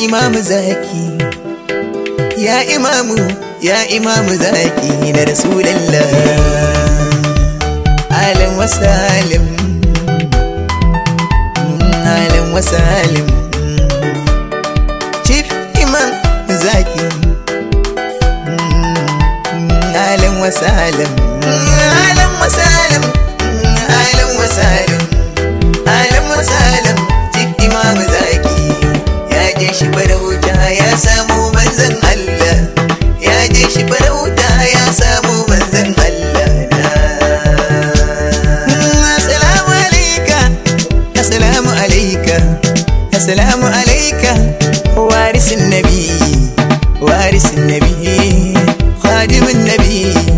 imamu zaki ya imamu ya imamu zaki na rasulallah alam wasalim mm, alam wasalim chief imam zaki mm, mm, alam wasalim shi farauta ya samu manzan Allah na Assalamu alaika Assalamu alaika Assalamu alaika warisin nabi warisin nabi خادم النبي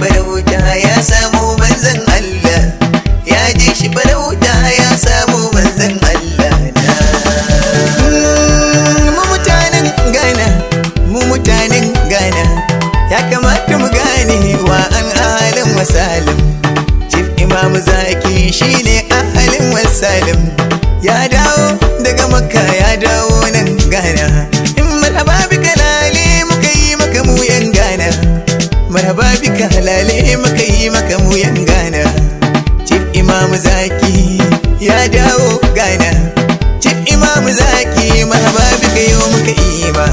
farauta ya samu manzan Allah ya je shi farauta ya samu manzan Allah na mu mutanen Ghana mu mutanen Ghana ya kamata mu gane wa an ahalin wasalim Chief Imam Zaki shine ahalin wasalim ya dawo daga makka ya dawo Ka halale maka yi maka muyan gana Cif imamu zaki ya dawo gana Cif imamu zaki mahababi ka yi maka ima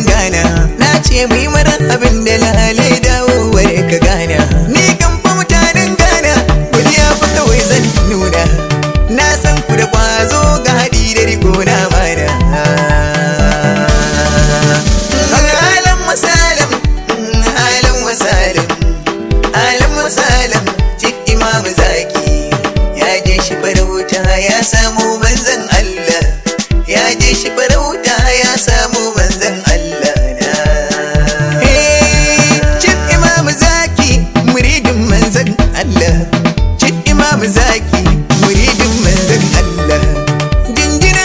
gana na ce mai mara abin da dawo ware ka gana ni kan fa mutanen gana kuliya fa kawai zan nuna na san ku da kwazo ga haɗi da riko na mana alam masalam alam masalam alam masalam cikin imamu zaki ya je shi farauta ya samu